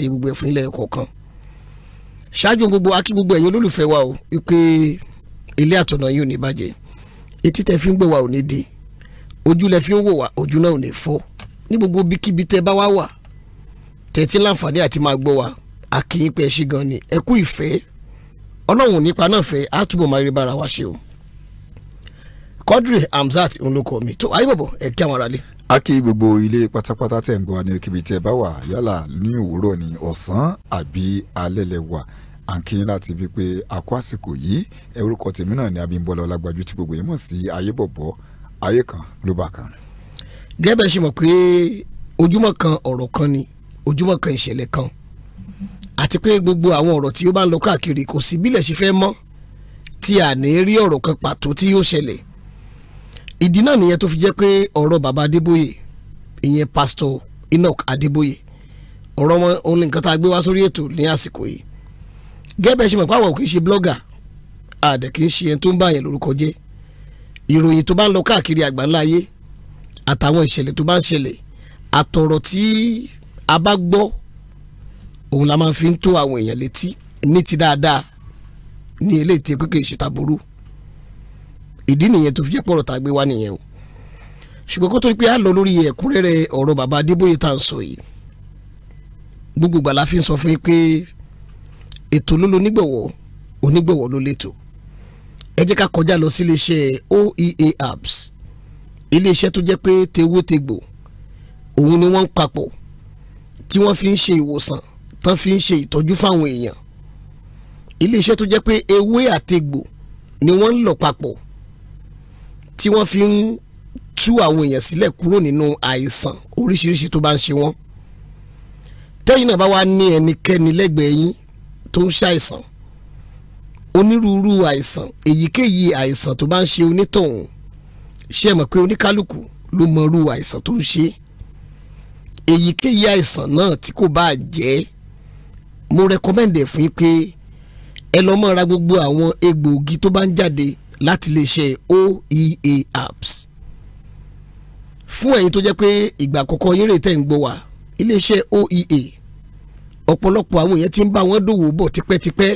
ṣàlàyé gbogbo ẹ̀ fún ilẹ̀ kọ̀ọ̀kan ṣáájú gbogbo akí gbogbo ẹ̀yin olólùfẹ́ wa o wípé ilé àtọ̀nà yìí ò ní bàjẹ́ etí tẹ fi ń gbọ́ wa ò ní di ojú lẹ fi ń wò wá ojú náà ò ní fọ́ ní gbogbo bíkíbi tẹ bá wá wà tẹ̀tí láǹfààní àti máa gbọ́ wa àkìyìn pé ẹ ṣe gan ni ẹ kú ìfẹ́ ọlọ́run nípa náà fẹ́ á túbọ̀ máa rí bára wa ṣe o Quadri Hamzat òun ló mi tó ayé bọ̀bọ̀ ẹ kí àwọn aráalé a kí gbogbo ilé pátápátá tẹ̀ ń gbọ́ ní kíbi tí ẹ bá wà yálà ní òwúrọ̀ ní ọ̀sán àbí alẹ́ lẹ wà à láti bíi pé a àsìkò yìí ẹ tèmi náà ni Abímbọ́lá Ọlágbájú tí gbogbo yìí mọ̀ sí ayébọ̀bọ̀ ayé kan ló bá kan. gẹ́gẹ́ bẹ́ẹ̀ ṣe mọ̀ pé ojúmọ́ kan ọ̀rọ̀ kan ni ojúmọ́ kan ìṣẹ̀lẹ̀ kan àti pé gbogbo àwọn ọ̀rọ̀ tí ó bá ń lọ káàkiri kò sí bílẹ̀ ṣe fẹ́ mọ́ tí à ní rí ọ̀rọ̀ kan pàtó tí yóò ṣẹlẹ̀ ìdí náà nìyẹn tó fi jẹ́ pé ọ̀rọ̀ bàbá Adébóyè ìyẹn pásítọ̀ Enoch Adébóyè ọ̀rọ̀ wọn òun ni nǹkan tá a gbé wá sórí ètò ní àsìkò yìí gẹ́gẹ́ ṣe mọ̀ pé àwọn kì í ṣe blọ́gà àdẹ̀ kì í ṣe ẹni tó ń bá yẹn lórúkọ jẹ́ ìròyìn tó bá ń lọ káàkiri àgbáńlá ayé àtàwọn ìṣẹ̀lẹ̀ tó bá ń ṣẹlẹ̀ àtọ̀rọ̀ tí a bá gbọ́ òun la máa fi ń tó àwọn èèyàn létí ní ti dáadáa ní eléyìí tí pé kì í ṣe tàbúrú ìdí nìyẹn tó fi jẹ́ pọ̀rọ̀ tá a gbé wá nìyẹn o ṣùgbọ́n kó tó pé a lọ lórí ẹ̀kúnrẹ́rẹ́ ọ̀rọ̀ bàbá Adébóyè tá à ń sọ yìí gbogbo ìgbà la fi ń sọ fún yín pé ètò ló lo onígbọ̀wọ́ onígbọ̀wọ́ ló létò ẹ jẹ́ ká kọjá lọ sí iléeṣẹ́ OEA apps iléeṣẹ́ tó jẹ́ pé tewétegbò òun ni wọ́n ń papọ̀ tí wọ́n fi ń ṣe ìwòsàn tán fi ń ṣe ìtọ́jú fáwọn èèyàn iléeṣẹ́ tó jẹ́ pé ewé àtegbò ni wọ́n ń lọ papọ̀ tí wọ́n fi ń tú àwọn èèyàn sílẹ̀ kúrò nínú àìsàn oríṣiríṣi tó bá ń ṣe wọ́n tẹ́yìn náà bá wá ní ẹnikẹ́ni lẹ́gbẹ̀ẹ́ yín tó ń ṣàìsàn onírúurú àìsàn èyíkéyìí àìsàn tó bá ń ṣe onítọ̀hún ṣe mọ̀ pé oníkálukú ló mọ irú àìsàn tó ń ṣe èyíkéyìí àìsàn náà tí kò bá jẹ́ mo rẹ́kọ́mẹ́ndẹ̀ fún yín pé ẹ lọ́ mọ́ ra gbogbo àwọn egbòogi tó bá ń jáde láti iléeṣẹ́ oea apps fún ẹ̀yin tó jẹ́ pé ìgbà àkọ́kọ́ yéré tẹ̀ ń gbọ́ wá iléeṣẹ́ oea ọ̀pọ̀lọpọ̀ àwọn èèyàn ti ń bá wọn dòwò bọ̀ tipẹ́tipẹ́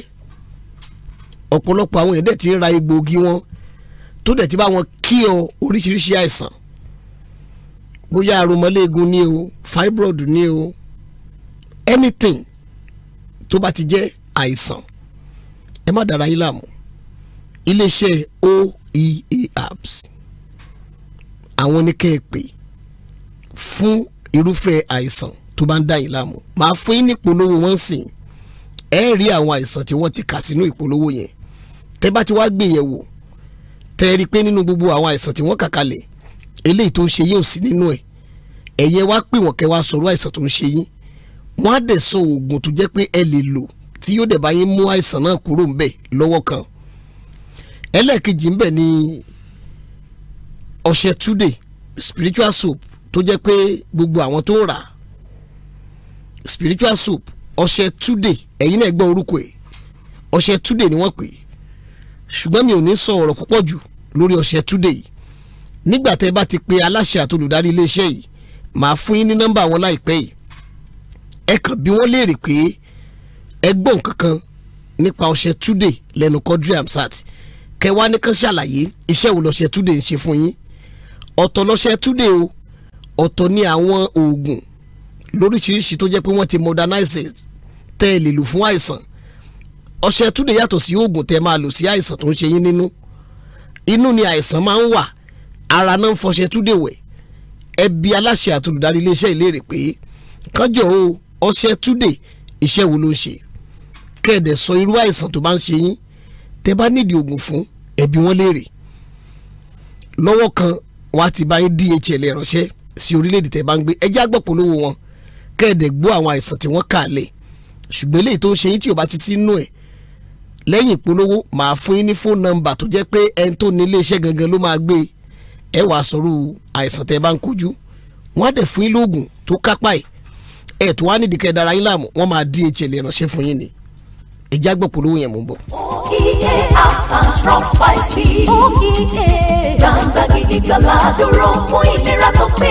ọ̀pọ̀lọpọ̀ àwọn èèyàn dẹ̀ ti ń ra egbòogi wọn tó dẹ̀ ti bá wọn kí ọ oríṣiríṣi àìsàn bóyá aromọléegun ni o fibroid ni o anything tó bá ti jẹ́ àìsàn ẹ má dára yín láàmú iléeṣẹ́ oea e apps àwọn oníkẹ́ ẹ pè fún irúfẹ́ àìsàn tó bá ń dá yín láàmú màá fún yín ní ìpolówó wọn sìn ẹ rí àwọn àìsàn tí wọ́n ti kà sínú ìpolówó yẹn tẹ́ bá ti wá gbé yẹ̀ wò tẹ́ rí i pé nínú gbogbo àwọn àìsàn tí wọ́n kà kalẹ̀ eléyìí tó ń ṣe yín ò sí nínú ẹ̀ ẹ̀yẹ wá pè wọ́n kẹ́ wá sọ̀rọ̀ àìsàn tó ń ṣe yín wọ́n á dẹ̀ sọ oògùn tó jẹ́ pé ẹ lè lò tí yóò dẹ̀ bá yín mú àìsàn náà kúrò ńbẹ̀ lọ́wọ́ kan ẹlẹ́ẹ̀kejì ń bẹ̀ ni ọṣẹ túdè spiritual soap tó jẹ́ pé gbogbo àwọn tó ń rà spiritual soap ọṣẹ túdè ẹ̀yin náà gbọ́ orúkọ ẹ̀ ọṣẹ túdè ni wọ́n pè é ṣùgbọ́n mi ò ní sọ ọ̀rọ̀ púpọ̀ jù lórí ọṣẹ túdè yìí nígbà tẹ́ bá ti pe aláṣẹ àti olùdarí iléeṣẹ́ yìí màá fún yín ní nọ́mbà wọn láìpẹ́ yìí ẹ kàn bí wọ́n léèrè pé ẹ gbọ́ nípa ọṣẹ túdè lẹ́nu Quadri Hamzat 0244 kẹwàá nìkan ṣàlàyé iṣẹ́ wo lọ́sẹ̀ túdé ń ṣe fún yín ọ̀tọ̀ lọ́sẹ̀ túdé o ọ̀tọ̀ ni àwọn oògùn lóríṣiríṣi tó jẹ́ pé wọ́n ti modernize tẹ́ ẹ lè lò fún àìsàn ọṣẹ túnde yàtọ̀ sí oògùn tẹ́ máa lò sí àìsàn tó ń ṣe yín nínú inú ni àìsàn máa ń wà ara náà ń fọṣẹ túnde wẹ̀ ẹbí aláṣẹ àtolùdarí iléeṣẹ́ ìlérè pé kánjọ o ọṣẹ túnde iṣẹ́ wo ló ń ṣe kẹ́ẹ̀dẹ̀ sọ irú àìsàn tó bá ń ṣe yín tẹ́ bá nídìí oògùn fún ẹbí wọn léèrè lọ́wọ́ kan wàá ti bá yín DHL ránṣẹ́ sí orílẹ̀-èdè tẹ́ bá ń gbé ẹjẹ́ àgbọ̀pọ̀lówó wọn kẹ́ẹ̀dẹ̀ gbọ́ àwọn àìsàn tí wọ́n kà lẹ̀ ṣùgbọ́n eléyìí tó ń ṣe yín tí ò bá ti sínú ẹ̀ lẹ́yìn ìpolówó màá fún yín ní fóònù nọ́mbà tó jẹ́ pé ẹni tó ní iléeṣẹ́ gangan ló máa gbé ẹ wàá sọ̀rọ̀ àìsàn tẹ́ bá ń kojú wọ́n á dẹ̀ fún yín lóògùn tó kápá ẹ̀ ẹ̀ tó wá nídìí kẹ́ dára yín láàmú wọ́n máa DHL ránṣẹ́ fún yín ni 0800 ìjágbọ̀n polówó yẹn mò bọ̀. okiye house and strong spicy. okiye jàǹbá gidigba ládùúró fún ìlera tó pé.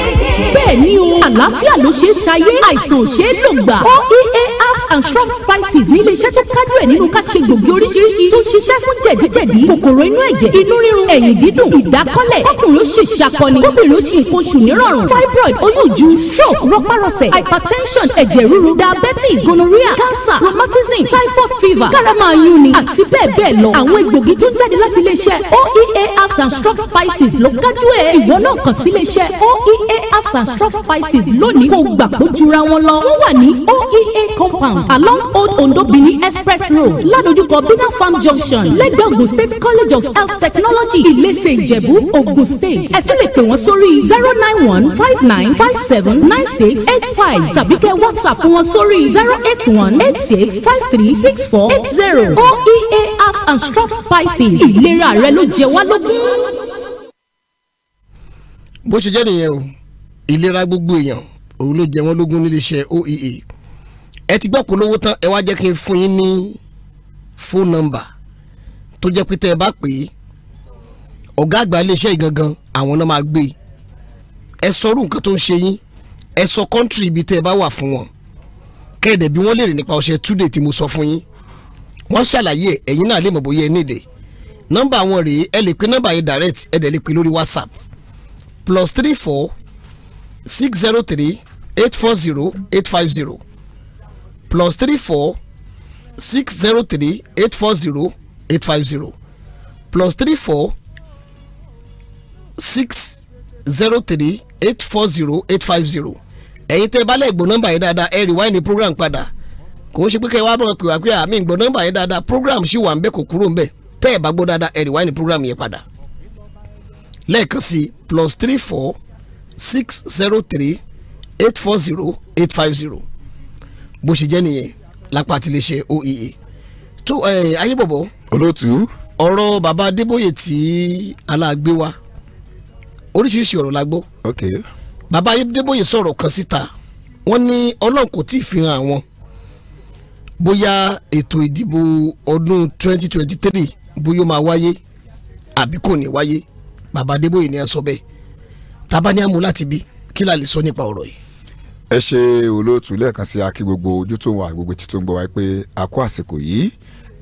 bẹ́ẹ̀ ni o àlàáfíà ló ṣe é ṣayé àìsàn ò ṣe é lò gbà. oea herbs and shrub spices ní iléeṣẹ́ tó kájú ẹ̀ nínú ká ṣe gbòógì oríṣiríṣi tó ń ṣiṣẹ́ fún jẹ̀díjẹ̀dí kòkòrò inú ẹ̀jẹ̀ inú rírun ẹ̀yìn dídùn ìdákọ́lẹ̀ kọ́kùnrin ó ṣe ṣàkọni kọ́kùnrin ṣe nǹkan oṣù nírọ̀rùn fibroid oyún ju stroke rọpárọsẹ̀ hypertension ẹ̀jẹ̀ ríru diabetes gonorrhea cancer rheumatism typhoid fever kárámà yúni àti bẹ́ẹ̀ bẹ́ẹ̀ lọ àwọn egbògi tó jáde láti iléeṣẹ́ oea herbs and shrub spices spices ló kájú ẹ̀. ìwọ náà kàn sí iléeṣẹ́ oea herbs and shrub spices lónìí kó gbà kó jura wọn lọ. wọ́n wà ní oea compound along old ondo benin express road ládojúkọ bina farm junction lẹ́gbẹ̀ẹ́ ogun state college of health technology ìlẹsẹ ìjẹ̀bú ogun state. ẹ tún lè pè wọ́n sórí zero nine one five nine five seven nine six eight five tàbí kẹ́ whatsapp wọn sórí zero eight one eight six five three six four eight zero oea apps and shrub spices ìlera rẹ ló jẹ wá lógún bó ṣe jẹ́ nìyẹn o ìlera gbogbo èèyàn òun ló jẹ wọ́n lógún níléeṣẹ́ oea ẹ ti gbọ́ polówó tán ẹ wá jẹ́ kí n fún yín ní fóònù nọ́mbà tó jẹ́ pé tẹ́ ẹ bá pè é ọ̀gá àgbà iléeṣẹ́ ìgangan àwọn náà máa gbé e. ẹ sọrú nǹkan tó ń ṣe yín ẹ sọ kọ́ńtírì ibi tẹ́ ẹ bá wà fún wọn kẹ́ẹ̀dẹ̀ bí wọ́n lè rìn nípa ọṣẹ túdè tí mo sọ fún yín wọ́n ṣàlàyé ẹ̀yin náà lè mọ̀ bóyá ẹ nídìí nọ́mbà wọn rèé ẹ lè pe nọ́mbà yẹn direct ẹ dẹ̀ lè pe lórí whatsapp 0244 plus three four six zero three eight four zero eight five zero plus three four six zero three eight four zero eight five zero plus three four six zero three eight four zero eight five zero ẹ̀yin tẹ́ bá lè gbọ́ nọ́mbà yẹn dáadáa ẹ rewind ní program padà kò ń ṣe pé kẹ́ ẹ wá bọ̀ pé wá pé àmì gbọ́ nọ́mbà yẹn dáadáa program ṣì wà ń bẹ̀ kò kúrò ń bẹ̀ tẹ́ ẹ bá gbọ́ dáadáa ẹ rewind ní program yẹn padà lẹ́ẹ̀kan sí plus three four six zero three eight four zero eight five zero bó ṣe jẹ́ nìyẹn lápá àti iléeṣẹ́ oea tó ayébọ̀bọ̀. olóòtú. ọ̀rọ̀ bàbá adébóyè tí aláàgbé wa oríṣiríṣi ọ̀rọ̀ la gbọ́. okay. bàbá adébóyè sọ̀rọ̀ kan síta wọ́n ní ọlọ́run kò tí ì fi hàn àwọn bóyá ètò ìdìbò ọdún 2023 bóyá ó máa wáyé àbí kò ní wáyé bàbá Adébóyè ni ẹ sọ bẹ́ẹ̀ tábà ní àmú láti bí kí la lè sọ nípa ọ̀rọ̀ yìí. ẹ ṣe olóòtú lẹ́ẹ̀kan sí akí gbogbo ojú tó ń wà gbogbo títí tó ń gbọ́ wá pé a kó àsìkò yìí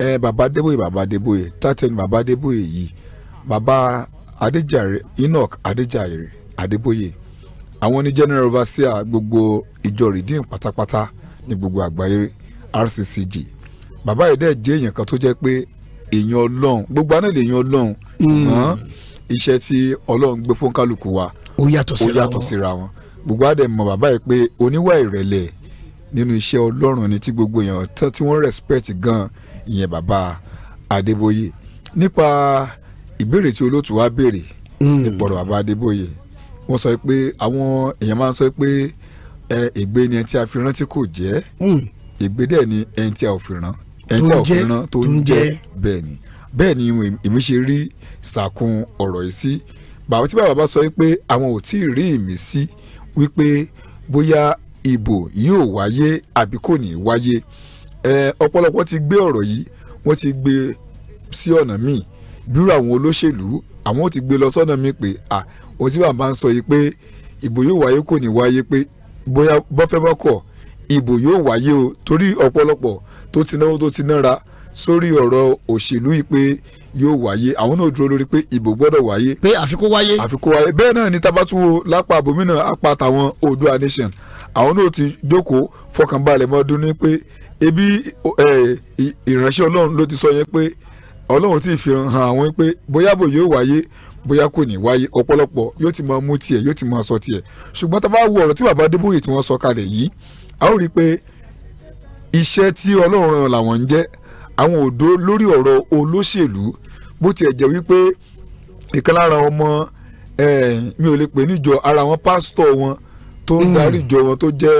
ẹ bàbá Adébóyè bàbá Adébóyè tátẹ́ni bàbá Adébóyè yìí bàbá Adéjàre Enoch Adéjàre Adébóyè àwọn ní general overseer gbogbo ìjọ redeem pátápátá ní gbogbo àgbáyé RCCG Baba yìí dẹ̀ jẹ́ èèyàn kan tó jẹ́ pé èèyàn ọlọ́run gbogbo àná lè èèyàn ọlọ́run hmm iṣẹ́ tí Ọlọ́run gbé fún kálukú wa ó yàtọ̀ síra wọn gbogbo àdè mọ̀ bàbá yìí pé oníwà ìrẹ̀lẹ̀ nínú iṣẹ́ Ọlọ́run ni tí gbogbo èèyàn tán tí wọ́n respect gan ìyẹn bàbá Adébóyè nípa ìbéèrè tí olóòtú wa béèrè hmm. nípa ọ̀rọ̀ bàbá Adébóyè wọ́n sọ pé àwọn èèyàn máa ń sọ pé ègbé ni ẹni tí a fi rántí kò jẹ́ hmm. ègbé dẹ̀ ni ẹni tí a ò fi rán ẹni tí a rán tó ń jẹ́ bẹ́ẹ̀ ni bẹ́ẹ̀ ni èmi ṣe rí sàkún ọ̀rọ̀ yìí sí bàbá tí bàbá bá sọ wípé àwọn ò tí ì rí ìmísí wípé bóyá ìbò yóò wáyé àbí kò ní í wáyé ọ̀pọ̀lọpọ̀ ti gbé ọ̀rọ̀ yìí wọ́n ti gbé sí ọ̀nà míì bírò àwọn olóṣèlú àwọn ò ti gbé lọ sọ́nà míì pé à ohun tí bàbá ń sọ yìí pé ìbò yóò wáyé kò ní í wáyé pé bóyá bọ́fẹ́ bọ́kọ̀ ìbò yóò wáyé o torí ọ̀pọ̀lọpọ̀ tó ti náwó tó ti nára sórí ọ̀rọ̀ òṣèlú yìí pé yóò wáyé àwọn náà dúró lórí pé ìbò gbọ́dọ̀ wáyé. pé àfikún wáyé. àfikún wáyé bẹ́ẹ̀ náà ni tabatuwo lápá abomina apá tàwọn Oòduà nation àwọn náà ti jókòó fọkànbalẹ̀ mọ́dún ní pé ebi ìránṣẹ́ Ọlọ́run ló ti sọ yẹn pé Ọlọ́run ti fi hàn àwọn pé bóyá bò yóò wáyé bóyá kò ní wáyé ọ̀pọ̀lọpọ̀ yóò ti máa mú tiẹ̀ yóò ti máa sọ tiẹ̀ ṣùgbọ́n tá a bá wo ọ̀rọ̀ tí bàbá Adébóyè tí wọ́n sọ kalẹ̀ yìí a ó rí i pé iṣẹ́ tí Ọlọ́run làwọn ń jẹ́ àwọn òdo lórí ọ̀rọ̀ olóṣèlú bó tiẹ̀ jẹ́ wípé ìkan lára ọmọ mi ò lè pè níjọ ara wọn pásítọ̀ wọn tó ń hmm. darí ìjọ wọn tó jẹ́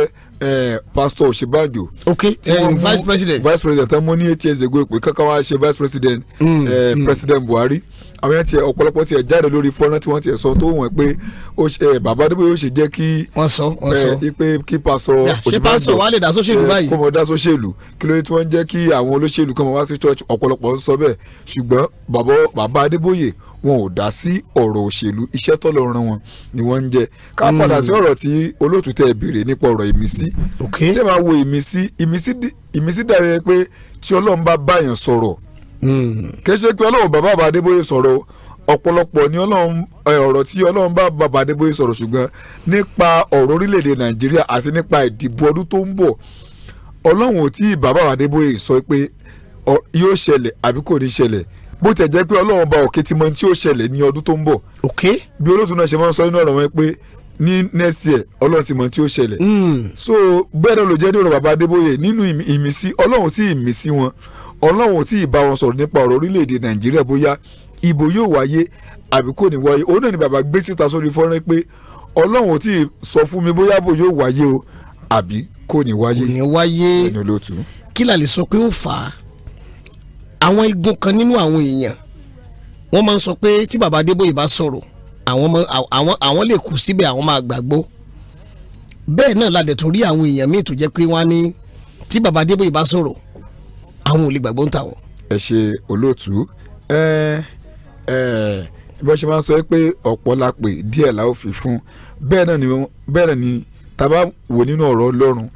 pásítọ̀ Ọ̀ṣínbàjò. ok um, vice president. vice president tán mo ní eight years ago pé kankan wá ṣe vice president mm. eh, mm. president Mm àwọn yẹn tiẹ̀ ọ̀pọ̀lọpọ̀ tiẹ̀ jáde lórí fọ́nrán tí wọ́n tiẹ̀ sọ tó wọ̀n pé bàbá dúpẹ́ yóò ṣe jẹ́ kí wọ́n sọ wọ́n sọ pé kí pásọ ṣé pásọ wà lè dá sóṣèlú báyìí kó mọ dá sóṣèlú kí ló dé tí wọ́n ń jẹ́ kí àwọn olóṣèlú kan mọ wá sí church ọ̀pọ̀lọpọ̀ ń sọ bẹ́ẹ̀ ṣùgbọ́n bàbá Adébóyè wọn ò dá sí ọ̀rọ̀ òṣèlú iṣẹ́ tọ́lọ ran wọn ni wọ́n ń jẹ ká hmm. padà sí ọ̀rọ̀ tí olóòtú tẹ béèrè nípa ọ̀rọ̀ ìmísí tẹ́ máa wo ìmísí ìmísí dàbí pé tí Ọlọ́run bá báyàn sọ̀rọ̀ kì í ṣe pé ọlọ́run bàbá bàbá Adébóyè sọ̀rọ̀ ọ̀pọ̀lọpọ̀ ni ọlọ́run ọ̀rọ̀ tí ọlọ́run bá bàbá Adébóyè sọ̀rọ̀ ṣùgbọ́n nípa ọ̀rọ̀ orílẹ̀-èdè Nàìjíríà àti nípa ìdìbò ọdún tó ń bọ̀ ọlọ́run ò tí ì bàbá Adébóyè sọ pé yóò ṣẹlẹ̀ àbí kò ní ṣẹlẹ̀ bó tẹ̀ jẹ́ pé ọlọ́run bá òkè ti mọ tí ó ṣẹlẹ̀ ní ọdún tó ń bọ̀. bí olóòtú náà ṣe máa ń sọ nínú ọ̀rọ̀ wọn pé ní next year ọlọ́run ti mọ tí ó ṣẹlẹ̀. Hmm. so bẹ́ẹ̀ náà ló jẹ́ dọ̀rọ̀ bàbá adébóyè nínú ìmísí ọlọ́run tí ìmísí wọn ọlọ́run tí ìbá wọn sọ̀rọ̀ nípa ọ̀rọ̀ orílẹ̀-èdè nàìjíríà bóyá ìbò yóò wáyé àbí kò ní wáyé òun náà ni bàbá gbé síta sórí fọ́nrán pé ọlọ́run tí sọ fún mi bóyá bò yóò wáyé o àbí kò ní wáyé. kò ní wáyé kí la lè sọ pé ó fà á àwọn igun kan nínú àwọn èèyàn wọ́n máa ń sọ pé tí bàbá adébóyè bá sọ̀rọ̀ àwọn ọmọ àwọn àwọn lè kú síbẹ̀ àwọn máa gbàgbó bẹ́ẹ̀ náà la dẹ̀ tún rí àwọn èèyàn míì tó jẹ́ pé wọ́n á ní tí baba Adébóyè bá sọ̀rọ̀ àwọn ò lè gbàgbó ń tà ẹ ṣe olóòtú bí wọ́n ṣe máa ń sọ pé ọ̀pọ̀ la pè díẹ̀ la ó fi fún bẹ́ẹ̀ náà ni bẹ́ẹ̀ náà ni tá a bá wò nínú ọ̀rọ̀ Ọlọ́run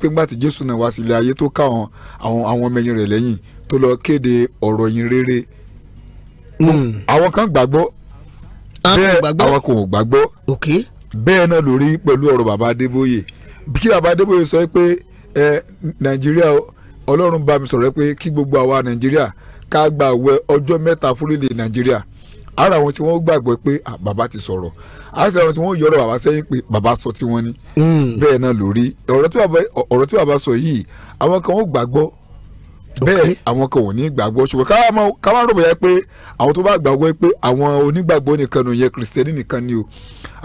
pé ńgbà tí Jésù náà wá sílé ayé tó ká àwọn àwọn ọmọ ẹ̀yìn rẹ̀ lẹ́yìn tó lọ kéde ọ̀rọ̀ yìn rere hmm. àwọn kan gbàgbọ́ bẹ́ẹ̀ àwọn kò gbàgbọ́ bẹ́ẹ̀ náà lórí pẹ̀lú ọ̀rọ̀ Baba Adébóyè kí bàbá Adébóyè sọ pé ẹ Nàìjíríà Ọlọ́run bá mi sọ̀rọ̀ pé kí gbogbo àwa Nàìjíríà ká gba àwẹ̀ ọjọ́ mẹ́ta fúrílẹ̀ Nàìjíríà ara àwọn tí wọ́n gbàgbọ́ pé bàbá ti sọ̀rọ̀ àti àwọn tí wọ́n yọ̀rọ̀ bàbá sẹ́yìn pé Baba sọ tí wọ́n ní. Hmm. bẹ́ẹ̀ náà lórí ọ̀rọ̀ tí Baba sọ yìí àwọn kan ó gbàgbọ́ bẹ́ẹ̀ àwọn kan ò ní gbàgbọ́ ṣùgbọ́n ká má rògbòyà pé àwọn tó bá gbàgbọ́ pé àwọn onígbàgbọ́ nìkan nù yẹn kìrìsìtẹ́nì nìkan ni o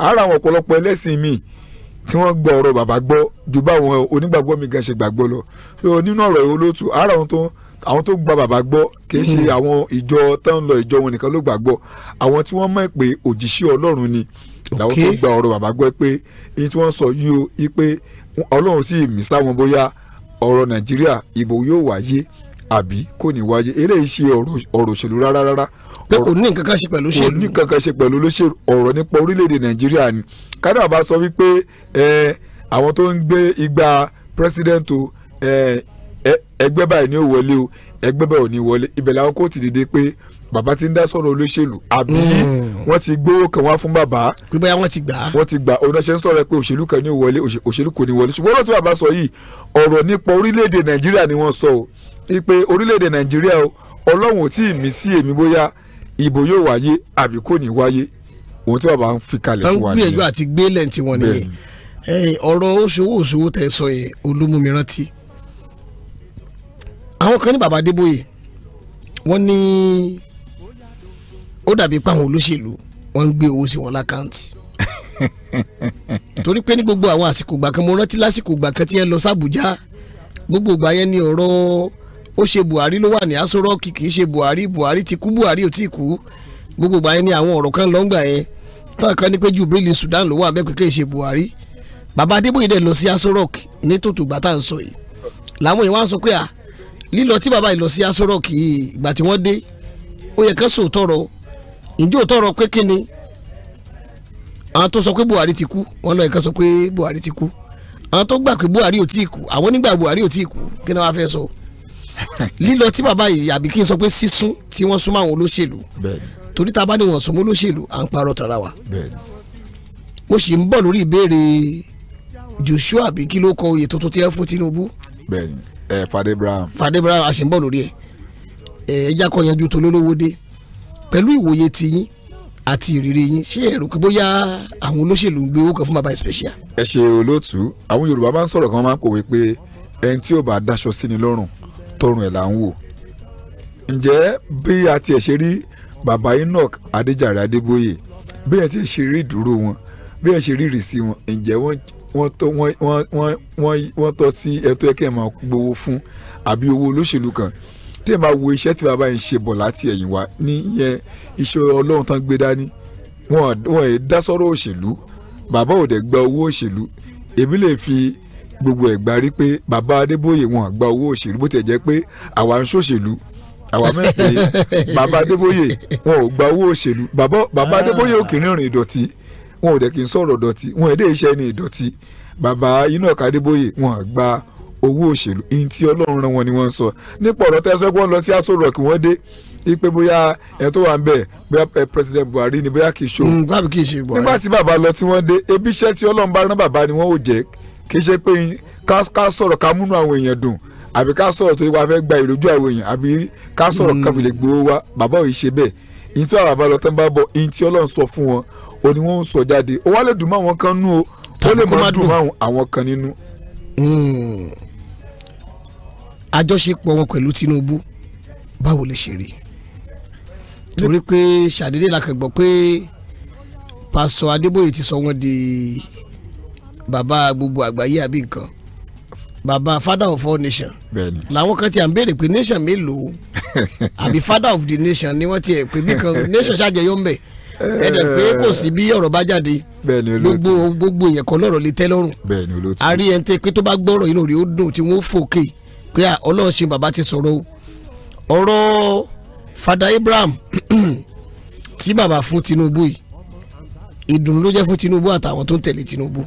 ara àwọn ọ̀pọ̀lọpọ̀ ẹlẹ́sìn míì tí wọ́n gbọ́ ọ̀rọ̀ bàbá gbọ́ ju báwọn onígbàgbọ́ mi gan ṣe gbàgbọ́ lọ nínú ọ̀rọ̀ olóòtú ara àwọn tó gba bàbá gbọ́ kì í ṣe hmm. àwọn ìjọ tó ń lọ ìjọ wọn nìkan ló gbàgbọ́ àwọn tí wọ́n mọ̀ pé òjíṣẹ́ ọlọ́run ni làwọn tó gba ọ̀rọ̀ bàbá gbọ́ pé èyí tí wọ́n sọ yìí o yìí pé ọlọ́run sì mí sáwọn bóyá ọ̀rọ̀ nàìjíríà ìbò yóò wáyé àbí kò ní wáyé eléyìí ṣe ọ̀rọ̀ òṣèlú rárá rárá. pé kò ní nǹkan kan ṣe pẹ̀lú ṣèlú. kò ní nǹkan kan ṣe pẹ̀lú olóṣèlú ọ̀rọ̀ nípa orílẹ̀-èdè nàìjíríà ni kádà bá sọ wípé àwọn tó ń gbé igba president ẹgbẹ́ báyìí ni ó wọlé o ẹgbẹ́ báyìí ò ní wọlé ibẹ̀ làwọn kò dìde pé bàbá ti ń dá sọ̀rọ̀ olóṣèlú àbí hmm. wọ́n ti gbówó kan wá fún bàbá. pé bóyá wọ́n ti gbà á. wọ́n ti gbà ọ̀nà ṣe ń sọ̀rọ̀ pé òṣèlú kan ní wọlé òṣèlú kò ní wọlé ṣùgbọ́n ọ̀rọ̀ bàbá sọ yìí ọ̀rọ̀ nípa orílẹ̀-èdè nàìjíríà ni wọ́n sọ o wípé orílẹ̀-èdè nàìjíríà o ọlọ́run ò tí ì mí sí èmi bóyá ìbò yóò wáyé àbí kò ní wáyé wọ́n ní ó dàbí pé àwọn olóṣèlú wọ́n ń gbé owó sí wọn lákàǹtì torí pé ní gbogbo àwọn àsìkò ìgbà kan mo rántí lásìkò ìgbà kan tí yẹn lọ sàbújá gbogbo ìgbà yẹn ni ọ̀rọ̀ ó ṣe Buhari ló wà ní Aso Rock kì í ṣe Buhari Buhari ti kú Buhari ò tí ì kú gbogbo ìgbà yẹn ni àwọn ọ̀rọ̀ kan lọ́ngbà yẹn tán kan ní pé Jubril Sudan ló wà bẹ́ẹ̀ pé kì í ṣe Buhari bàbá Adébóyè dẹ̀ lọ sí Aso Rock ní tòtò ìgbà tá à ń sọ yìí làwọn èèyàn wá sọ pé à lílọ tí bàbá yìí lọ sí Aso Rock ìgbà tí wọ́n dé ó yẹ kán sòótọ́ rọ ìjọ tọrọ pé kí ni àwọn tó sọ pé Buhari ti kú wọn lọ ìkan sọ pé Buhari ti kú àwọn tó gbà pé Buhari ò tí ì kú àwọn nígbà Buhari ò tí ì kú kí ni wọn fẹ́ sọ lílọ tí bàbá yìí àbí kí n sọ pé sísún tí wọ́n súnmọ́ àwọn olóṣèlú torí tá a bá ní wọ́n súnmọ́ olóṣèlú à ń parọ́ tara wa mo sì ń bọ̀ lórí ìbéèrè Joshua àbí kí ló kọ oyè tuntun tí ẹ fún Tinubu Fadé Abraham Fadé Abraham a sì ń bọ̀ lórí ẹ ẹ ẹ jákọ̀ yanjú tó lólówó dé pẹ̀lú ìwòye ti yín àti ìrírí yín ṣé ẹ rò pé bóyá àwọn olóṣèlú ń gbé owó kan fún bàbá special. ẹ ṣe olóòtú àwọn yorùbá máa ń sọ̀rọ̀ kan máa ń pòwe pé ẹni tí ò bá daṣọ sí ni lọ́rùn tọrùn ẹ̀ là ń wò. ǹjẹ́ bí a tiẹ̀ ṣe rí bàbá enoch adéjàre adébóyè bí ẹ ti ṣe rí ìdúró wọn bí ẹ ṣe rí ìrísí wọn ǹjẹ́ wọ́n tọ́ sí ẹ̀tọ́ ẹ̀kẹ́ máa gbowó fún àbí owó olóṣèlú kan téèyàn bá wo iṣẹ́ tí bàbá yẹn ṣe bọ̀ láti ẹ̀yìn wá níyẹn iṣẹ́ ọlọ́run tán gbé dání wọn wọn ẹ dá sọ́rọ̀ òṣèlú bàbá ò dẹ̀ gba owó òṣèlú èmi lè fi gbogbo ẹ̀ gbarí pé bàbá Adébóyè wọn gba owó òṣèlú bó ti jẹ́ pé àwa ń ṣòṣèlú àwa mẹ́fẹ̀ẹ́ bàbá Adébóyè wọn ò gba owó òṣèlú bàbá Adébóyè òkè rìnrìn ìdọ̀tí wọn ò dẹ̀ kí n sọ̀rọ̀ ìdọ̀tí wọn ẹ̀ dé iṣẹ́ ní ìdọ̀tí bàbá Enoch Adébóyè wọn gba owó òṣèlú ihun tí ọlọ́run rán wọn ni wọ́n ń sọ nípa ọ̀rọ̀ tẹ́sán pé wọ́n lọ sí aṣọ rock wọ́n dé ipe bóyá ẹ tó wà ń bẹ bóyá president buhari ni bóyá kìí ṣó. gbàgbé mm, kìí ṣe buhari. nígbà tí bàbá lọ tí wọ́n dé ebi iṣẹ́ tí ọlọ́run bá rán bàbá ni wọ́n ò jẹ́ kìí ṣe pé ká sọ̀rọ̀ ká múnú àwọn èèyàn dùn àbí ká sọ̀rọ̀ tó yẹ wá fẹ́ gba ìrójú àwọn èèyàn àbí ká sọ̀rọ̀ ká mm. gbowó wa bàbá ò yìí ṣe bẹ́ẹ̀ ìyìn tí bàbá lọ tán bá bọ̀ ìyìn tí ọlọ́run sọ fún wọn ò ní wọ́n sọ jáde ó wá lè dùn mọ́ àwọn kan nú o ó lè mọ́ dùn mọ́ àwọn kan nínú. Mm àjọṣepọ̀ wọn pẹ̀lú Tinubu báwo lè ṣe rí torí pé ṣàdédé la kàn gbọ́ pé pásítọ̀ Adébóyè ti sọ wọ́n di bàbá gbogbo àgbáyé àbí nǹkan bàbá father of all nation làwọn kan ti à ń béèrè pé nation mélòó àbí father of the nation ni wọ́n ti ẹ̀ pé bí nation ṣàjẹyọ̀ ń bẹ̀ ẹ dẹ̀ pé kò sí bí ọ̀rọ̀ bá jáde gbogbo gbogbo èèyàn kan lọ́rọ̀ lè tẹ́ lọ́rùn a rí ẹni tẹ́ pé tó bá gbọ́rọ̀ inú rí ó dùn tí wọ́n fòkè. Okay pé ah, ọlọ́run ṣe bàbá ti sọ̀rọ̀ ọ̀rọ̀ fada Ibrahim tí bàbá fún Tinubu yìí ìdùnnú ló jẹ́ fún Tinubu àtàwọn tó ń tẹ̀lé Tinubu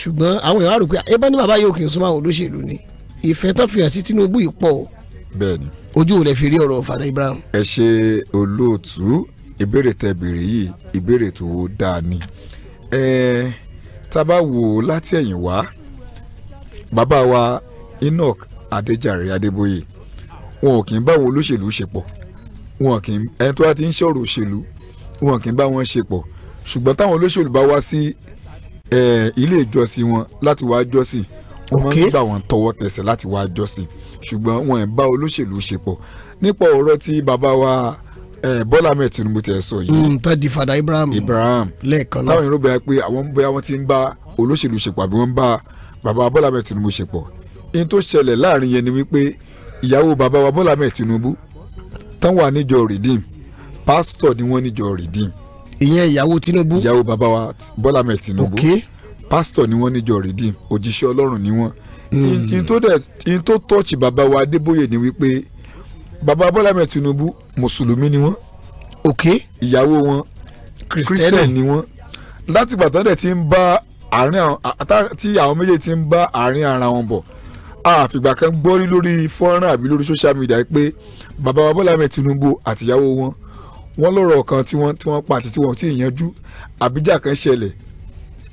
ṣùgbọ́n àwọn èèyàn á rò pé ebe ah, ní bàbá yìí òkè súnmọ́ àwọn olóṣèlú ni ìfẹ́ tó fi sí Tinubu yìí pọ̀ ojú ò lè fi rí ọ̀rọ̀ fada Ibrahim. ẹ ṣe olóòtú ìbéèrè tẹ béèrè yìí ìbéèrè tó dáa ni ẹ tá a bá wò láti ẹ̀yìn wá bàbá wa Enoch Adéjàre Adébóyè wọn ò kì í bá wọn olóṣèlú ṣe pọ̀ wọn kì í ẹni tó bá ti ń ṣọ̀rọ̀ òṣèlú wọn kì í bá wọn ṣe pọ̀ ṣùgbọ́n táwọn olóṣèlú bá wá sí ilé ìjọsìn wọn láti wá jọ́sìn wọ́n máa ń gbà wọ́n tọwọ́ tẹsẹ̀ láti wá jọ́sìn ṣùgbọ́n wọn ì bá olóṣèlú ṣe pọ̀ nípa ọ̀rọ̀ tí bàbá wa Bọ́lá Ahmed Tinubu tẹ̀ sọ yìí. Mm, tó di fada Ibrahim Ibrahim lẹ́ẹ̀kan náà. táwọn yorùbá yà pé àwọn bóyá wọ́n ti ń bá olóṣèlú ṣe pọ̀ àbí wọ́n ń bá bàbá Bọ́lá Ahmed Tinubu ṣe pọ̀ in tó ṣẹlẹ̀ láàrin yẹn ni wípé ìyàwó bàbá wa Bọ́lá mẹ́ẹ̀ Tinubu tán wà níjọ Redeem pásítọ̀ ni wọ́n níjọ Redeem. ìyẹn ìyàwó Tinubu ìyàwó bàbá wa Bọ́lá mẹ́ẹ̀ Tinubu okay. pásítọ̀ ni wọ́n níjọ Redeem òjíṣẹ́ Ọlọ́run ni wọ́n. Mm. in tó dẹ̀ in tó tọ́ọ̀chì bàbá wa Adébóyè ni wípé bàbá Bọ́lá mẹ́ẹ̀ Tinubu mùsùlùmí ni wọ́n. ok ìyàwó wọn kristẹni ni wọ́n látìgbà tán dẹ̀ ti àfìgbà kan gbọ́ rí lórí fọ́nrán àbí lórí social media pé bàbá wa Bọ́lá Ahmed Tinubu àtìyàwó wọn wọn lọ́rọ̀ kan tí wọ́n tí wọ́n pa àti tí wọ́n ti yanjú àbíjà kan ṣẹlẹ̀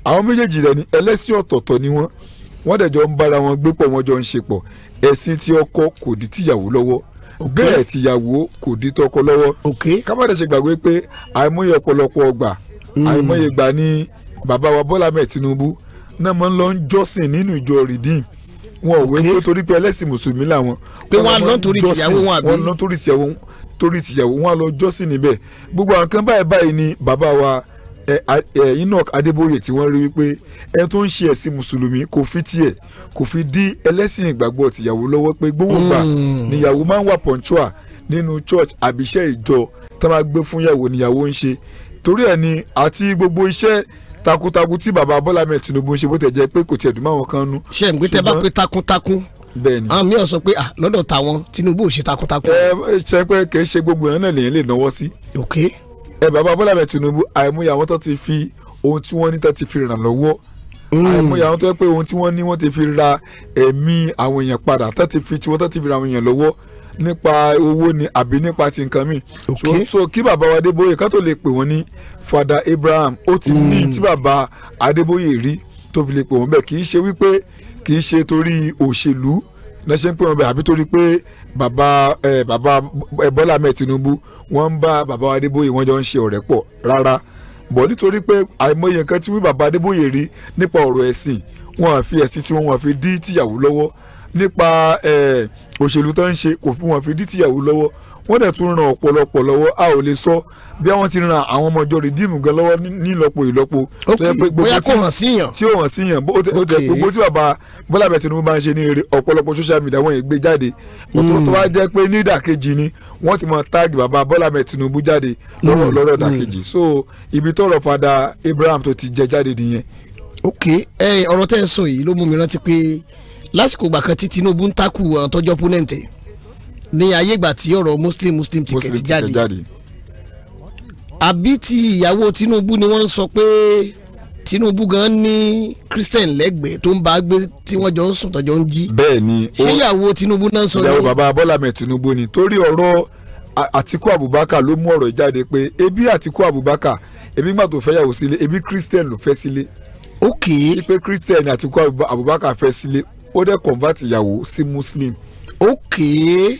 àwọn méjèèjì rẹ̀ ní ẹlẹ́sìn ọ̀tọ̀ọ̀tọ̀ ni wọ́n wọ́n dẹ̀ jọ ń bára wọn gbé pọ̀ wọ́n jọ ń ṣe pọ̀ ẹ̀sìn tí ọkọ kò di tíyàwó lọ́wọ́ bẹ́ẹ̀ tíyàwó kò di tọkọ lọ́wọ́ kámọ́dé ṣe gbàgbé pé àìmọye ọ̀pọ̀lọpọ̀ ọgbà hmm. àìmọye gbà ni bàbá wa Bọ́lá Ahmed náà máa ń lọ ń jọ́sìn nínú ìjọ Redeem wọn ò wéwé torí pé ẹlẹ́sìn mùsùlùmí làwọn. pé wọn lọ torí tìyàwó wọn àbí. wọn lọ torí tìyàwó torí tìyàwó wọn lọ jọ́sìn níbẹ̀ gbogbo àwọn kan báyìí báyìí ni bàbá wa Enoch Adébóyè tí wọ́n rí wípé ẹni tó ń ṣe ẹ̀sìn mùsùlùmí kò fi tiẹ̀ kò fi dí ẹlẹ́sìn ìgbàgbọ́ tìyàwó lọ́wọ́ pé gbówó gbà mm. níyàwó máa ń wà pọ̀nchọ́à nínú church àbíṣẹ́ ìjọ tá máa gbé fún níyàwó ń ṣe torí ẹ̀ ni àti gbogbo iṣẹ́ takuntakun tí baba Bọ́lá mẹ Tinubu ṣe bó tẹ jẹ pé kò tiẹ̀ dùn máwọn kan nú. ṣe ń gbé tẹ bá pé takuntakun bẹ́ẹ̀ni àwọn mìíràn sọ pé lọ́dọ̀ tàwọn Tinubu ò ṣe takuntakun. ẹ ṣe pé kì í ṣe gbogbo yẹn náà lèyìn lè náwó sí. ok. ẹ baba Bọ́lá mẹ Tinubu àìmọye àwọn tó ti fi ohun tí wọ́n ní tó ti fi ràn lọ́wọ́ hmm. àìmọye àwọn tó yẹ pé ohun tí wọ́n ní wọ́n ti fi ra ẹ̀mí àwọn èèyàn padà tó ti fi tiwọn tó ti fi ra àwọn èèyàn lọ́wọ́ nípa owó ni àbí nípa ti nǹkan mi. ok so kí bàbá wa Adébóyè lè pè wọ́n ní Father Abraham ó ti ní mm. tí bàbá Adébóyè rí tó fi lè pè wọ́n bẹ́ẹ̀ kì í ṣe wípé kì í ṣe torí òṣèlú náà ṣe ń pè wọ́n bẹ́ẹ̀ àbí torí pé bàbá ẹ bàbá ẹ Bọ́lá mẹ́ẹ̀ Tinubu wọ́n ń bá bàbá wa Adébóyè wọ́n jọ ń ṣe ọ̀rẹ́ pọ̀ rárá bọ̀ nítorí pé àìmọye nǹkan tí wí bàbá Adébóyè rí nípa ọ̀rọ̀ ẹ̀sìn wọn àfi ẹ̀sìn tí wọn wọn àfi dí tìyàwó lọ́wọ́ nípa òṣèlú tó ń ṣe kò fi wọn fi dí tìyàwó lọ́wọ́ wọ́n dẹ̀ tún ran ọ̀pọ̀lọpọ̀ lọ́wọ́ a ò lè sọ bí wọ́n ti ran àwọn ọmọ ìjọ rìdíìmù gan lọ́wọ́ nílọ́pọ̀ ìlọ́po. ok bóyá kò hàn síyàn. tí ò hàn síyàn ó tẹ gbogbo tí bàbá Bọ́lá bẹ̀ Tinubu bá ń ṣe ní rere ọ̀pọ̀lọpọ̀ social media wọ́n yẹn gbé jáde. ọ̀tọ̀ tó wá hmm. jẹ́ pé ní ìdàkejì ni wọ́n ti mọ táàgì bàbá Bọ́lá bẹ̀ Tinubu jáde lọ́rọ̀ hmm. lọ́rọ̀ hmm. ìdàkejì so ibi tọ́rọ̀ padà Abraham tó ti jẹ jáde nìyẹn. ok ọ̀rọ̀ tẹ́ lásìkò ìgbà kan tí Tinubu ń takù àwọn tọ́jọ́ pọ́nẹ́ǹtì ní ayé ìgbà tí ọ̀rọ̀ muslim muslim ticket jáde àbí ti ìyàwó Tinubu ni wọ́n ń sọ pé Tinubu gan ní Christian lẹ́gbẹ̀ẹ́ tó ń bá gbé tí wọ́n jọ ń sùn tọ́jọ́ ń jí. bẹ́ẹ̀ ni ó ṣé ìyàwó Tinubu náà sọ ní. ìyàwó bàbá Bọ́lá mẹ́ Tinubu ni torí ọ̀rọ̀ Àtíkù Abubakar ló mú ọ̀rọ̀ jáde pé ebi Àtíkù Abubakar ebi gbà tó fẹ́ yàwó sílé ebi Christian ló fẹ́ sílé. ok ipe Christian Àtíkù Abubakar fẹ́ sílé ó dẹ̀ convert ìyàwó sí muslim. okay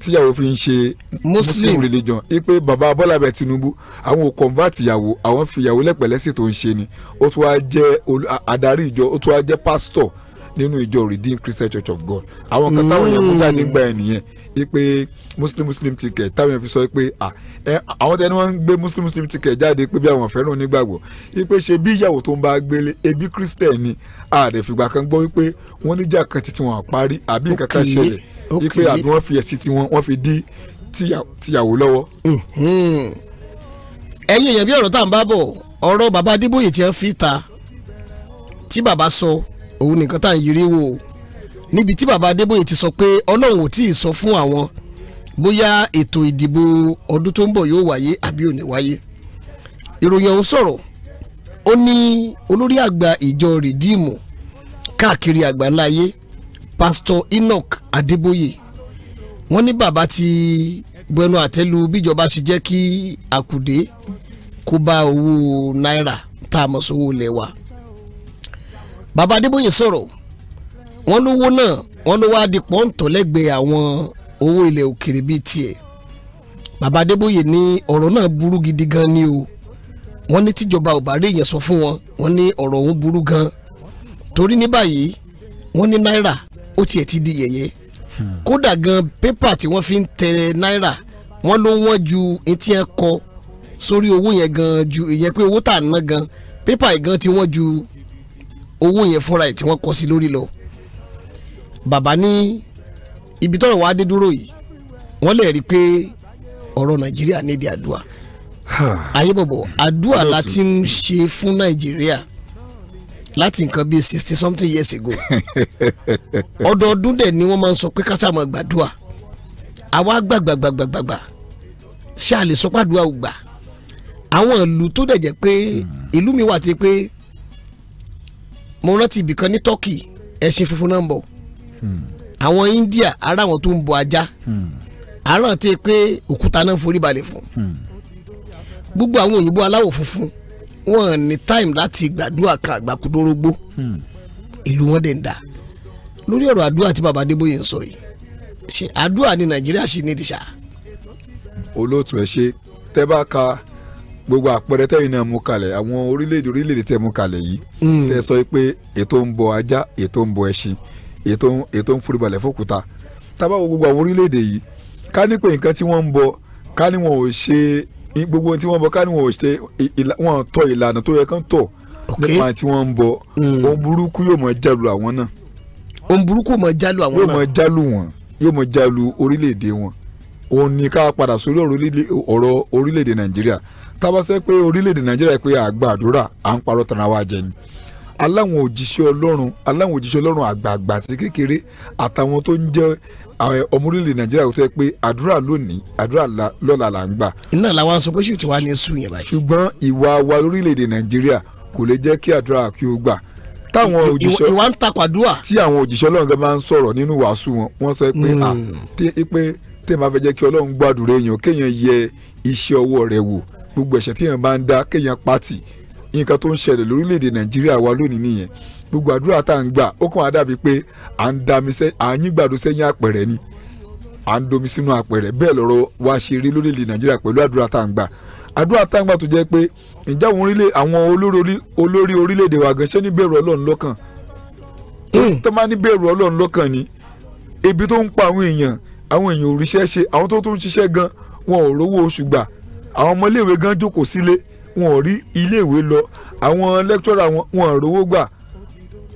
tíyàwó fi ń ṣe muslim religion ipe baba bọ́lábẹ̀ tinubu àwọn ò convert ìyàwó àwọn fi ìyàwó lẹ́pẹ̀lẹ́sì tó ń ṣe ni ó tún wá jẹ́ adarí ìjọ ó tún wá jẹ́ pastor nínú ìjọ redeemed christian church of god àwọn kan táwọn yẹn kú jáde hmm. gba ẹ̀ nìyẹn ipe muslim muslim ticket táwọn èèyàn fi sọ pé àwọn tẹni wọn ń gbé muslim muslim ticket jáde pé bí àwọn fẹ́ràn onígbàgbọ́ wípé ṣe bí ìyàwó tó ń bá gbélé ebi christian ni ààrẹ fìgbà kan gbọ́ wípé wọ́n níjà kan títí wọn àparí àbí nǹkan kan ṣẹlẹ̀ wípé àbí wọ́n fi ẹ̀sìn tiwọn wọ́n fi dí tìyàwó lọ́wọ́. Mhm. ẹ̀yin èèyàn bí ọ̀rọ̀ tá à ń bá bọ̀ ọ̀rọ̀ bàbá adébóyè tí wọ́n fi ta tí bàbá sọ òun nìkan tá à ń yiri wò níbi tí bàbá adébóyè ti sọ pé ọlọ́run ò tí ì sọ fún àwọn bóyá ètò ìdìbò ọdún tó ń bọ̀ yóò wáyé àbí ò ní wáyé ìròyìn ọ̀hún sọ̀rọ̀ ó ní olórí àgbà ìjọ rìdíìmù káàkiri àgbáńlá ayé pásítọ̀ Enoch Adébóyè wọ́n ní bàbá ti bẹnu àtẹ́lu bíjọba ṣe jẹ́ kí àkùdé kó bá owó náírà tá a mọ̀ sówó ilẹ̀ wa bàbá Adébóyè sọ̀rọ̀ wọ́n lówó náà wọ́n ló wá di pọ́ǹtọ̀ lẹ́gbẹ̀ẹ́ àwọn owó ilẹ̀ òkèrè bíi tiẹ̀ bàbá adébóyè ní ọ̀rọ̀ náà burú gidi gan ni o wọ́n ní tíjọba ò bá rí èèyàn sọ fún wọn wọ́n ní ọ̀rọ̀ òun burú gan torí ní báyìí wọ́n ní náírà ó tiẹ̀ ti di yẹ̀yẹ́ hmm. kódà gan pépà tí wọ́n fi ń tẹ náírà wọ́n ló wọ́n ju etí ẹ̀ kọ sórí owó yẹn gan ju ìyẹn pé owó tà ná gan pépà yìí gan tí wọ́n ju owó yẹn fúnra ẹ̀ tí wọ́n kọ sí lórí lọ bàbá ní ibi tọ́rọ̀ wá dé dúró yìí wọ́n lè rí i pé ọ̀rọ̀ nàìjíríà nídi àdúrà ayé bọ̀bọ̀ àdúrà la ti ń ṣe fún nàìjíríà láti nǹkan bíi sixty something years ago ọdọọdún dẹ̀ ni wọ́n máa ń sọ pé káṣá máa gbàdúrà àwa gbàgbàgbàgbàgbà ṣáà lè sọ pàdúrà ò gbà àwọn ìlú tó dẹ̀ jẹ́ pé hmm. ìlú mi wà ti pé mo rántí ibìkan ní turkey ẹṣin funfun náà ń bọ̀. Hmm àwọn India ara wọn tó ń bọ ajá àárọ̀ hmm. tí pé òkúta náà forí balẹ̀ fún hmm. gbogbo àwọn òyìnbó aláwọ̀ funfun wọn ní time láti gbàdúrà kan àgbàkúndórógbó hmm. ìlú wọn dẹ̀ ń dà lórí ọ̀rọ̀ àdúrà tí baba Adébóyè ń sọ yìí ṣe àdúrà ní Nàìjíríà ṣì ní ìdìṣà. olóòtú ẹ ṣe tẹ bá ka gbogbo àpẹẹrẹ tẹ̀yin náà mú kalẹ̀ àwọn orílẹ̀-èdè tẹ mú kalẹ̀ yìí tẹ sọ pé ètò ń bọ ajá ètò ń bọ ẹṣin ètò ń foríbalẹ̀ fòkúta tábà wo gbogbo àwọn orílẹ̀-èdè yìí ká ní pé nǹkan tí wọ́n ń bọ ká ní wọn ò ṣe gbogbo tí wọ́n bọ ká ní wọn ò ṣe wọn tọ ìlànà tó yẹ kán tọ̀ nípa tí wọ́n ń bọ hmm. ohun burúkú yóò mọ jálù àwọn náà. ohun burúkú yóò mọ jálù àwọn náà. yóò mọ jálù wọn yóò mọ jálù orílẹ̀-èdè wọn òun ni ká padà sórí ọ̀rọ̀ orílẹ̀-èdè nàìjíríà tábà sẹ́ pé orílẹ̀-èdè nàìjíríà pé àgbàdúrà à ń parọ́ tara jẹ ni aláwọn òjíṣẹ́ ọlọ́run aláwọn òjíṣẹ́ ọlọ́run àgbààgbà àti kékeré àtàwọn tó ń jẹ́ eh, ọmọ orílẹ̀ nàìjíríà tó yẹ pé àdúrà lónìí àdúrà lọ́la là ń gbà. iná làwọn sọ pé ṣùtì wa ní sùn yẹn báyìí. ṣùgbọ́n ìwà wa lórílẹ̀‐èdè nàìjíríà kò lè jẹ́ kí àdúrà kí ó gbà táwọn òjíṣẹ́ ìwà ń takò àdúrà. tí àwọn òjíṣẹ́ ọlọ́run gan máa ń sọ̀rọ̀ nínú wàásù wọn wọ́n sọ pé hmm. pé téèmà fẹ́ jẹ́ kí ọlọ́run gbàdúrà èèyàn kéèyàn yẹ iṣẹ́ ọwọ́ rẹ̀ wò gbogbo ẹ̀ṣẹ̀ téèyàn bá ń dá kéèyàn pátì nǹkan tó ń ṣẹlẹ̀ lórílẹ̀‐èdè nàìjíríà wa lónìí nìyẹn gbogbo àdúrà tá à ń gbà ó kàn á dàbí pé à ń dami sẹ́ à ń yín sẹ́yìn àpẹ̀rẹ̀ ni à ń domi sínú àpẹ̀rẹ̀ bẹ́ẹ̀ lọ́rọ̀ wa ṣe rí lórílẹ̀‐èdè nàìjíríà pẹ̀lú àdúrà tá à ń gbà àdúrà tá à ń gbà tó jẹ́ pé ǹjẹ́ àwọn olórí orílẹ̀‐èdè wa gan ṣé ní bẹ̀rù ọlọ́run lọ́kàn hmm. tó máa ní bẹ̀rù ọlọ́run lọ́kàn ni ebi tó ń pa àwọn èèyàn àwọn èèyàn ò ríṣẹ́ ṣe àwọn tó tún ń ṣiṣẹ́ gan wọn ò rówó oṣù gbà àwọn ọmọléèwé gan jókòó sílé wọn ò rí iléèwé lọ àwọn lẹ́kítọ́rà wọn wọn ò rówó gbà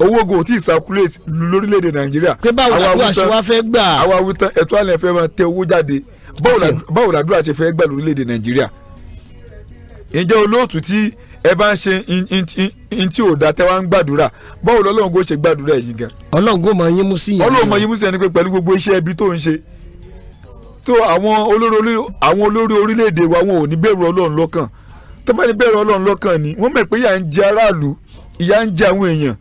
owó go tí circulate lórílẹ̀‐èdè nàìjíríà. pé báwo làdúrà ṣe wá fẹ́ gbà. àwa wítan ẹ̀tọ́ àlẹ́ fẹ́ máa tẹ owó jáde báwo làdúrà ṣe fẹ́ gbà lórílẹ̀‐èdè nàìjíríà. ǹjẹ́ olóòtú tí ẹ bá ń ṣe n tí ò da tẹ́ wá ń gbàdúrà báwo lọ́lọ́run kò ṣe gbàdúrà yìí gan. ọlọ́run kò mọ yín mú sí yẹn. ọlọ́run mọ yín mú sí yẹn ni pé pẹ̀lú gbogbo iṣẹ́ ibi tó ń ṣe tó àwọn olórí orílẹ̀-èdè wa wọn ò ní bẹ̀rù ọlọ́run lọ́kàn tó bá ní bẹ̀rẹ̀ ọlọ́run lọ́kàn ni wọ́n mọ̀ pé ìyà ń jẹ aráàlú ìyà ń jẹ àwọn èèyàn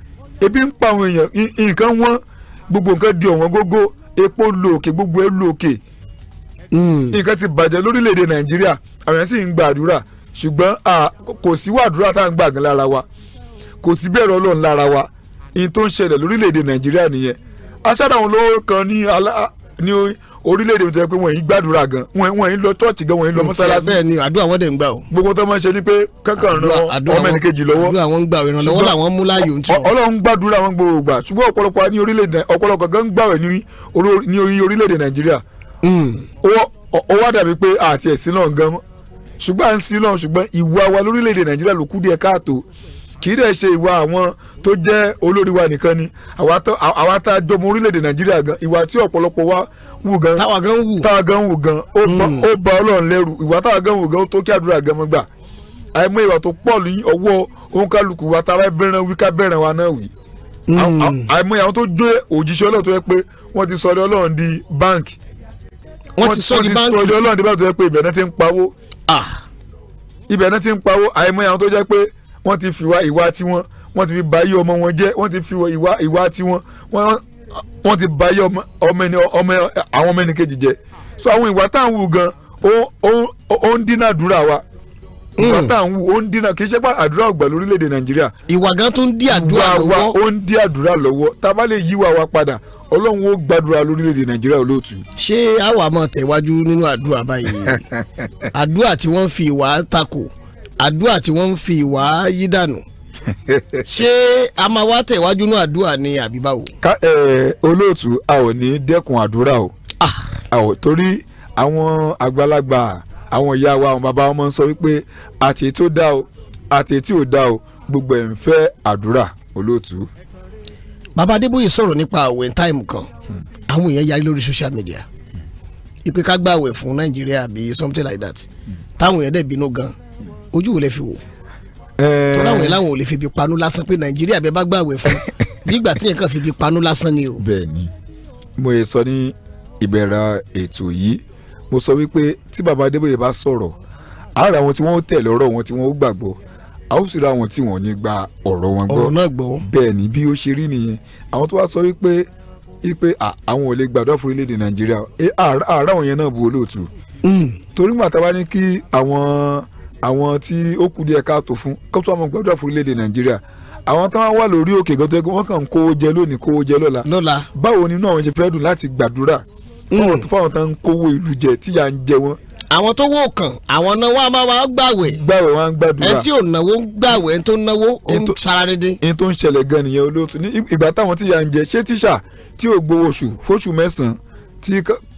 ebi ń pa àwọn èèyàn nǹkan wọ́n gbogbo nǹkan di ọ̀wọ́n gógó epo lọ òkè gbogbo ẹ̀ lọ òkè hmm. nǹkan ti bàjẹ́ lórílẹ̀‐èdè nàìjíríà àwọn èèyàn sì ń gba àdúrà ṣùgbọ́n kò sí wàdúrà tá à ń gbàgán lára wa kò sí bẹ̀rẹ̀ ọlọ́run lára wa ìyìn tó ń ṣẹlẹ̀ lórílẹ̀‐èdè nàìjíríà nìyẹn aṣáájú àwọn olówó kan ní orílẹ̀-èdè tó yẹ pé wọ́n yìí gbàdúrà gan wọ́n yìí lọ tọ́ọ̀tì gan wọ́n yìí lọ mọ́sálásí. bẹ́ẹ̀ ni àdúrà wọn dẹ̀ ń gbà o. gbogbo tó máa ń ṣe ni pé kankan ràn ọmọ ẹnìkejì lọ́wọ́. àdúrà wọn ń gbà wọn lọ́wọ́ làwọn mú láàyò ń tì wọn. Ọlọ́run gbàdúrà wọn gbogbo gbà ṣùgbọ́n ọ̀pọ̀lọpọ̀ ní orílẹ̀-èdè ọ̀pọ̀lọpọ̀ gan gbàwẹ̀ ní orílẹ̀-èdè Nàìjíríà. Hmm. ó wá dàbí pé àti ẹ̀sìn náà gan ṣùgbọ́n à ń sin náà ṣùgbọ́n ìwà wa lórílẹ̀-èdè Nàìjíríà ló kù díẹ̀ káàtó kì í dẹ̀ ṣe ìwà àwọn tó jẹ́ olórí wa nìkan ni àwa tá a jọmọ orílẹ̀-èdè nàìjíríà gan ìwà tí ọ̀pọ̀lọpọ̀ wa wù gan táwa gan wù táwa gan wù gan ó ba hmm. ọlọ́run lẹ́rù ìwà táwa gan wù gan ó tó kí àdúrà gan mọ́ gbà àìmọ ìwà tó pọ̀ ní ọwọ́ òǹkàlùkù wa tá a bá bẹ̀rẹ̀ wí ká bẹ̀rẹ̀ wa náà wì hmm. àìmọ àwọn tó jẹ́ òjíṣẹ́ ọlọ́run tó yẹ pé wọ́n ti sọ ọlọ́run di báǹkì wọ́n ti sọ ọlọ́run di báǹkì ibẹ̀ náà ti ń pawó ah. ibẹ̀ náà ti ń pawó àìmọ àwọn tó jẹ́ pé wọ́n ti fi ìwà tiwọn wọ́n ti fi báyé ọmọ wọn jẹ́ wọ́n ti fi ìwà ìwà tiwọn wọ́n ti báyé ọmọ ẹni ọmọ àwọn ọmọ ẹni kejì jẹ́ so àwọn ìwà tá à ń wù gan ó ń dínà àdúrà wa ìwà hmm. tá à ń wù ó ń dínà kì í ṣe pé àdúrà ò gbà lórílẹ̀‐èdè nàìjíríà. ìwà gan tún dí àdúrà lọ́wọ́ ìwà wa ó ń dí àdúrà lọ́wọ́ tá a bá lè yíwà wa padà ọlọ́run ó gbàdúrà lórílẹ̀‐èdè nàìjíríà olóòtú. ṣé àwa máa tẹ̀wájú nínú àdúrà báyìí àdúrà tí wọ́n fi ìwà takò àdúrà tí wọ́n ń fi ìwà yí dànù ṣé a máa wá tẹ̀ ní àdúrà ni àbí báwo. ká ẹ olóòtú a ò ní dẹ́kun àdúrà o ah. a ò torí àwọn àgbàlagbà àwọn ìyá wa àwọn bàbá wa máa ń sọ wípé àti tó dá o àti tí ò dá o gbogbo ẹ̀ ń fẹ́ àdúrà olóòtú. bàbá adébóyè sọ̀rọ̀ nípa àwẹ̀ táìmù kan hmm. àwọn èèyàn yarí lórí social media ìpè hmm. ká gbàwẹ̀ fún nàìjíríà àbí something like that hmm. táwọn èèyàn dẹ̀ bínú gan-an ojú wo lẹ fi wò eh. tọ́lá àwọn ẹ̀láwọn ò lè fi ibi panu lásán pé nàìjíríà bẹ́ẹ̀ bá gbàwẹ̀ fún nígbà tí yẹn kàn fi ibi panu lásán ni o. bẹ́ẹ̀ni mo yẹ sọ ní ìbẹ̀rẹ̀ ètò yìí mo sọ wípé tí baba adébóyè bá sọ̀rọ̀ ara àwọn tí wọ́n tẹ̀lé ọ̀rọ̀ wọn tí wọ́n gbàgbọ́ a ó sì ra àwọn tí wọ́n ní gba ọ̀rọ̀ wọn gbọ́ ọ̀rọ̀ náà gbọ́ bẹ́ẹ̀ni bí ó ṣe rí nìyẹn àwọn tó wá sọ wípé wípé àwọn ò lè gbàdúrà fún orílẹ̀-èdè nàìjíríà àárọ̀ yẹn náà bu olóòtú hmm. torí màtá wá ní kí àwọn àwọn tí ó kù díẹ̀ káàtó fún kó tó àwọn gbàdúrà fún orílẹ̀-èdè nàìjíríà àwọn táwọn wà lórí òkè gọ́tọ́ pé wọ́n kàn ń kówó jẹ lónìí kówó jẹ lọ́la lọ́la báwo ni inú àwọn ṣe fẹ́ dùn láti gbàdúrà hmm. fáwọn tó ń kówó ìlú jẹ tíyà ń jẹ wọ́n àwọn tó wò kàn àwọn náà wọn a máa wá gbàwẹ̀. gbàwẹ̀ wọn á gbàdúrà ẹni tí ò náwó ń gbàwẹ̀ ẹni tó náwó ó ń sara dídín. ẹni tó ń ṣẹlẹ̀ gan nìyẹn olóòtú ní ìgbà táwọn tí ya ń jẹ ṣé tíṣà tí ò gbowó oṣù fóṣù mẹ́sàn-án tí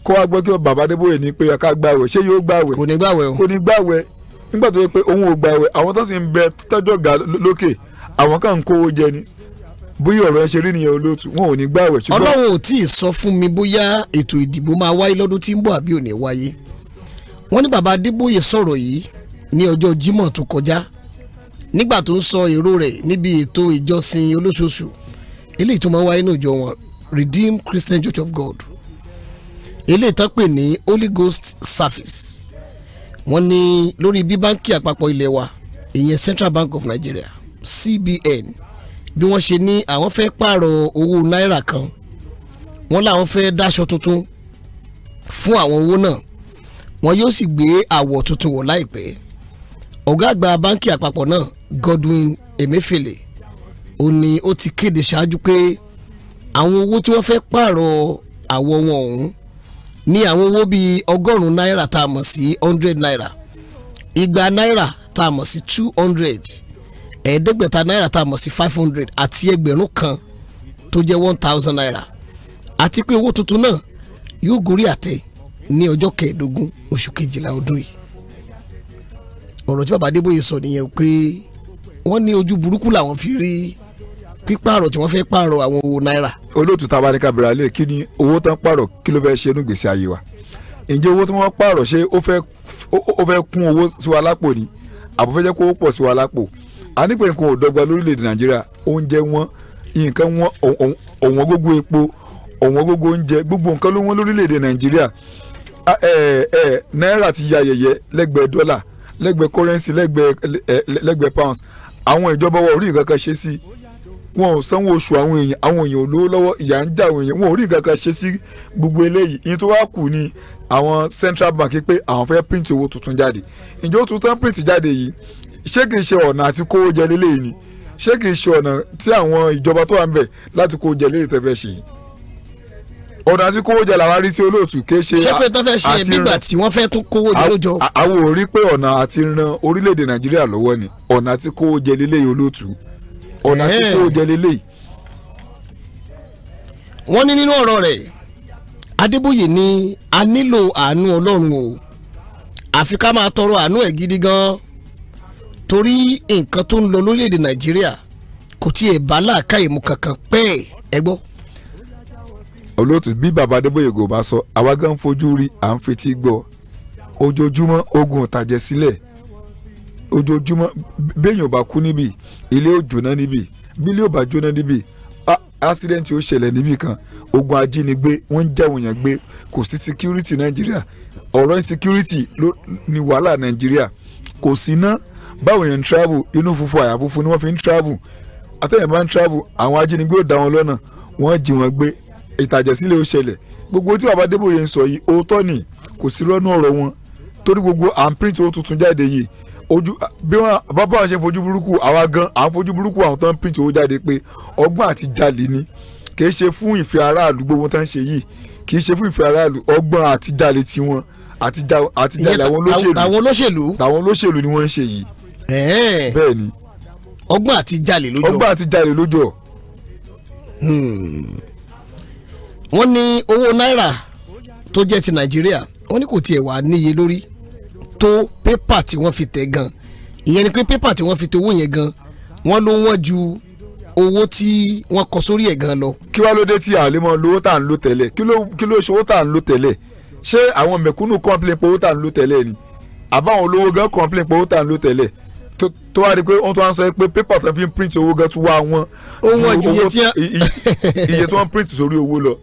kó wá gbọ́ kí bàbá Adébóyè ní pé ká gbàwẹ̀ ṣé yóò gbàwẹ̀. kò ní gbàwẹ̀ o kò ní gbàwẹ̀ nígbà tó yẹ pé òun ò gbàwẹ̀ àwọn tó sì ń bẹ tọ́jọ́ ga lókè àwọn kan ń kówó jẹ ni bóyá ọ̀rọ̀ ẹ ṣe rí nìyẹn olóòtú wọn ò ní gbàwẹ̀ ṣùgbọ́n. ọlọ́run ò tí ì sọ fún mi bóyá ètò ìdìbò máa wáyé lọ́dún tí ń bọ̀ àbí ò wáyé wọ́n ní bàbá adébóyè sọ̀rọ̀ yìí ní ọjọ́ jímọ̀ tó kọjá nígbà tó ń sọ èrò rẹ̀ níbi ètò ìjọsìn olóṣooṣù eléyìí tó wáyé ní ìjọ wọn Redeemed Christian Church of God eléyìí tán ní Holy Ghost Service wọ́n ní lórí bí báńkì àpapọ̀ ilé wa ìyẹn Central Bank of Nigeria CBN bí wọ́n ṣe ní àwọn fẹ́ pààrọ̀ owó náírà kan wọ́n láwọn fẹ́ dáṣọ tuntun fún àwọn owó náà wọ́n yóò sì gbé àwọ̀ tuntun wọ̀ láìpẹ́ ọ̀gá àgbà báńkì àpapọ̀ náà Godwin Emefiele ó ní ó ti kéde ṣáájú pé àwọn owó tí wọ́n fẹ́ pààrọ̀ àwọ̀ wọn ọ̀hún ní àwọn owó bíi ọgọ́rùn náírà tá a mọ̀ sí hundred naira igba naira tá a mọ̀ sí two hundred ẹ̀ẹ́dẹ́gbẹ̀ta naira tá a mọ̀ sí five hundred àti ẹgbẹ̀rún kan tó jẹ́ one thousand naira àti pé owó tuntun náà yóò gorí àtẹ ní ọjọ́ kẹẹ̀ẹ́dógún oṣù kejìlá ọdún yìí ọ̀rọ̀ tí bàbá Adébóyè sọ nìyẹn pé wọ́n ní ojú burúkú làwọn fi rí pípààrọ̀ tí wọ́n fẹ́ pààrọ̀ àwọn owó náírà olóòtú tá a bá ní kábìrà lè kí ni owó tán pààrọ̀ kí ló fẹ́ ṣe inú gbèsè ayé wa ǹjẹ́ owó tí wọ́n pààrọ̀ ṣé ó fẹ́ kún owó sí wa lápò ni àbúfẹ́ jẹ́ kó pọ̀ sí wa lápò a nípa nǹkan ò dọ́gba lórílẹ̀‐èdè nàìjíríà oúnjẹ wọn nǹkan wọn ọ̀wọ́n gógó epo ọ̀wọ́n gógó oúnjẹ gbogbo nǹkan ló wọ́n lórílẹ̀‐èdè nàìjíríà náírà ti ya yẹ̀yẹ́ lẹ́gbẹ̀ẹ́ dọ́là lẹ́gbẹ̀ẹ́ kọ́rẹ́nsì lẹ́gbẹ̀ẹ́ pounds àwọn ìjọba wa ò rí nǹkan kan ṣe sí i wọn ò sanwó oṣù àwọn èèyàn àwọn èèyàn ò lówó lọ́wọ́ ìyà ń jà àwọn èèyàn wọn ò rí nǹkan ṣe sí gbogbo eléyìí ìyẹn tó wá kù ni àwọn central bank pé àwọn fẹ́ print owó tuntun jáde ǹjẹ́ ó tuntun print jáde yìí ṣé kìí ṣe ọ̀nà àti kówó jẹ léléyìí ni ṣé kìí ṣe ọ̀nà tí àwọn ìjọba tó wà ń bẹ̀ láti kówó jẹ léyìí tẹ́fẹ́ ṣe yìí ọ̀nà àti kówó jẹ làwọn arísí olóòtú ké ṣe àti ran ṣé pé tó fẹ́ ṣe nígbà tí àwọn ò rí pé ọ̀nà àti ran orílẹ̀-èdè nàìjíríà lọ́wọ́ ni ọ̀nà àti kówó jẹ léléyìí olóòtú ọ̀nà tí kò jẹ lélẹ̀. wọ́n ní nínú ọ̀rọ̀ rẹ̀ Adébóyè ni a nílò àánú Ọlọ́run o àfi ká máa tọrọ àánú ẹ̀ gidi gan-an torí nǹkan tó ń lọ lórílẹ̀‐èdè Nàìjíríà kò tiẹ̀ bá làákàyè mu kankan pẹ́ẹ́ ẹ gbọ́ olóòtú bí baba adébóyè kò bá sọ àwa gan fojú rí à ń fetí gbọ́ ojoojúmọ́ ogun ìtàjẹ̀ sílẹ̀ ojoojúmọ́ béèyàn ò bá kú níbí ilé ò jóná níbí bílé ò bá jóná níbí accident ó ṣẹlẹ̀ níbí kan ogun ajínigbé wọ́n ń já òyìn gbé kò sí security nàìjíríà ọ̀rọ̀ insecurity ló ní wàhálà nàìjíríà kò sí ná báwo yẹn ń travel inú funfun àyà funfun ni wọ́n fi ń travel àtẹ̀yìn bá ń travel àwọn ajínigbé ò dá wọn lọ́nà wọ́n jí wọn gbé ìtàjẹ̀sílẹ̀ ó ṣẹlẹ̀ gbogbo tí bàbá Adébóyè ń sọ yìí òótọ́ ni kò sí lọ́nà ọ̀rọ̀ wọn torí gbogbo à ń print owó tuntun jáde yìí ojú bí wọn bàbá wọn ṣe fojú burúkú àwa gan à ń fojú burúkú àwọn tó ń print owó jáde pé ọgbọ́n àti jalè ni kì í ṣe fún ìfẹ́ aráàlú gbogbo tó ń ṣe yìí kì í ṣe fún ìfẹ́ aráàlú ọgbọ́n àti jalè tiwọn àti jalè àwọn olóṣèlú àwọn olóṣèlú àwọn olóṣèlú ni wọ́n ń ṣe yìí. bẹ́ẹ̀ ni ọgbọ́n àti jalè lójọ ọgbọ́n àti jalè lójọ. Hmm. wọ́n ní owó náírà tó jẹ́ ti nàìjíríà wọ́n ní kò tiẹ̀ wà níye lórí tó pépà tí wọ́n fi tẹ̀ gan ìyẹn ni pé pépà tí wọ́n fi towó yẹn gan wọ́n ló wọ́n ju owó tí wọ́n kọ sórí ẹ̀ gan lọ. kí wàá ló dé tí àlè mọ lówó tá ń lò tẹ́lẹ̀ kí ló ṣòwò tá ń lò tẹ́lẹ̀ ṣé àwọn mẹ̀kúnnù complain pé owó tá ń lò tẹ́lẹ̀ ni àbáwọn olówó gan complain pé owó tá à ń lò tẹ́lẹ̀ tó wá di pé wọ́n tún wá sọ pé pépà tó fi ń print owó gan tún wá wọn. ohun iye tí wọ́n print sórí owó lọ.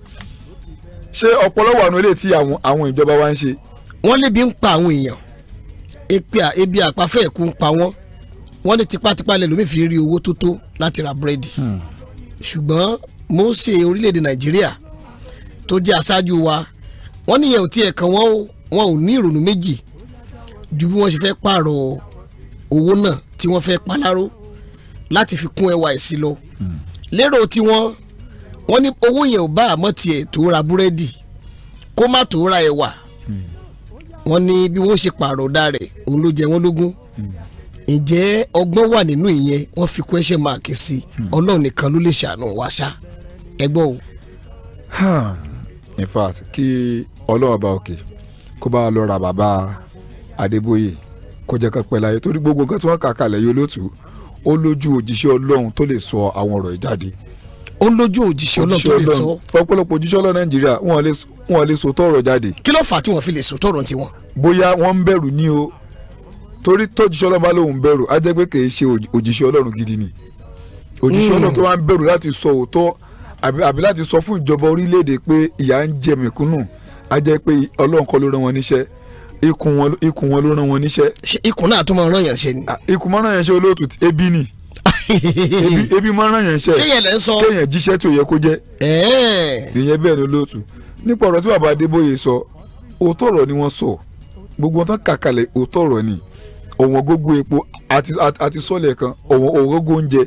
ṣé ọpọlọ wà nínú ilé tí àwọn ìjọba wa ń ṣe. wọ́n lébi ń pa àwọn èèyàn ebi àpáfẹ́ ẹ̀kú ń pa wọ́n wọ́n ní tipátipá lẹ́ lómi fi rí owó tó tó láti ra búrẹ́dì hmm. ṣùgbọ́n Mósè orílẹ̀-èdè Nàìjíríà tó jẹ́ aṣáájú wa wọ́n níyẹn ò tiẹ̀ kàn wọ́n wọn ò ní ìrònú méjì ju bí wọ́n ṣe fẹ́ pààrọ̀ owó náà tí wọ́n fẹ́ paláró láti fi kún ẹwà ẹ̀sìn lọ hmm. lérò tiwọn wọ́n ní owó yẹn ò bá àmọ́ tiẹ̀ tó ra búrẹ́dì kó má tó ra ẹ̀wà hmm wọ́n ní bí wọ́n ṣe pàrọ̀dà rẹ̀ òun ló jẹ wọ́n lógún ǹjẹ́ ọgbọ́n wà nínú ìyẹn wọ́n fi question mark sí i hmm. ọlọ́run nìkan ló lè ṣàánú wa ṣá ẹ gbọ́ o. Hmm. in fact kí ọlọ́run ọba òkè kó bá lọ ra bàbá adébóyè kó jẹ́ ká pẹ́ láyé torí gbogbo nǹkan tí wọ́n kà kalẹ̀ yìí olóòtú ó lójú òjíṣẹ́ ọlọ́run tó lè sọ àwọn ọ̀rọ̀ yìí jáde. ó lójú òjíṣẹ́ ọlọ́run tó lè sọ. ọ̀pọ̀lọpọ̀ òjíṣẹ́ ọlọ́run nàìjíríà wọn lè sọ wọn lè sòótọ́ ọ̀rọ̀ jáde. kí ló fà á tí wọ́n fi lè sòótọ́ ọ̀rọ̀ tiwọn. bóyá wọ́n ń bẹ̀rù ní o torí tójíṣẹ́ ọlọ́run bá lóun bẹ̀rù á jẹ́ pé kì í ṣe òjíṣẹ́ ọlọ́run gidi ni òjíṣẹ́ ọlọ́run tó máa ń bẹ̀rù láti sọ òótọ́ àbí láti sọ fún ìjọba orílẹ̀-èdè pé ìyà ń jẹ mẹ̀kúnnù á jẹ́ pé ọlọ́run kọ́ ló rán wọn níṣẹ́ ikùn wọn ló rán wọn níṣẹ́. ikùn náà tó máa rán yàn ṣe ni. ikùn máa rán yàn ṣe olóòtú ebi ni ebi máa rán yàn ṣe kéèyàn jíṣẹ́ tí ò yẹ kó jẹ́ ìyẹn bẹ́ẹ̀ ni olóòtú nípa ọ̀rọ̀ tí bàbá Adébóyè sọ òótọ́ ọ̀rọ̀ ni wọ́n sọ gbogbo wọn tán kàkàlẹ̀ òótọ́ ọ̀rọ̀ ni ọ̀wọ́n gógó epo àti sọ́ọ̀lẹ̀ kan ọ̀wọ́n gógó oúnjẹ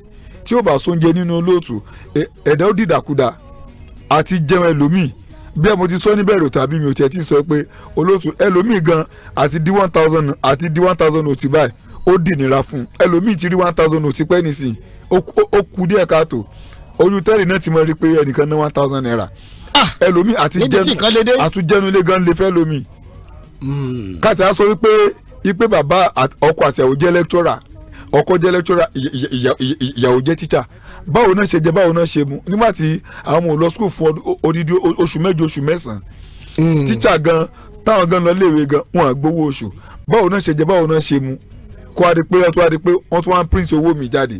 tí ó bá sóúnjẹ nínú olóòtú ẹ̀dá ó dìdàkudà àti jẹun ẹlòmíì bí ẹ mo ti sọ níbẹ̀rù tàbí mi ò tiẹ̀ ti sọ pé olóòtú ẹlòmíì gan àti di one thousand àti di one thousand ò ti báyìí ó dì nira fún ẹlòmíì ti rí one thousand ò ti pẹ́ nísìnyí ó kù díẹ̀ káàtó ojú tẹ́lẹ̀ náà ti mọ rí pé ẹnìkan ná one thousand naira Ah! ẹlòmíì àti jẹnu àtújẹnulé gan lè fẹ́ lomi. Hmm. káàtì á sọ wípé wípé bàbá ọkọ àti ìyàwó jẹ́ lẹ́kítọ́rà ọkọ jẹ́ lẹ́kítọ́rà ìyàwó jẹ́ tíṣà báwo náà ṣe jẹ báwo náà ṣe mu nígbà tí àwọn ọmọ lọ skul fún odidi oṣù mẹ́jọ oṣù mẹ́sàn-án hmm. tíṣà gan táwọn gan lọ léèwé gan wọn à gbowó oṣù báwo náà ṣe jẹ báwo náà ṣe mu kó a di pé wọ́n tún a di pé wọ́n tún wá ń print owó mi jáde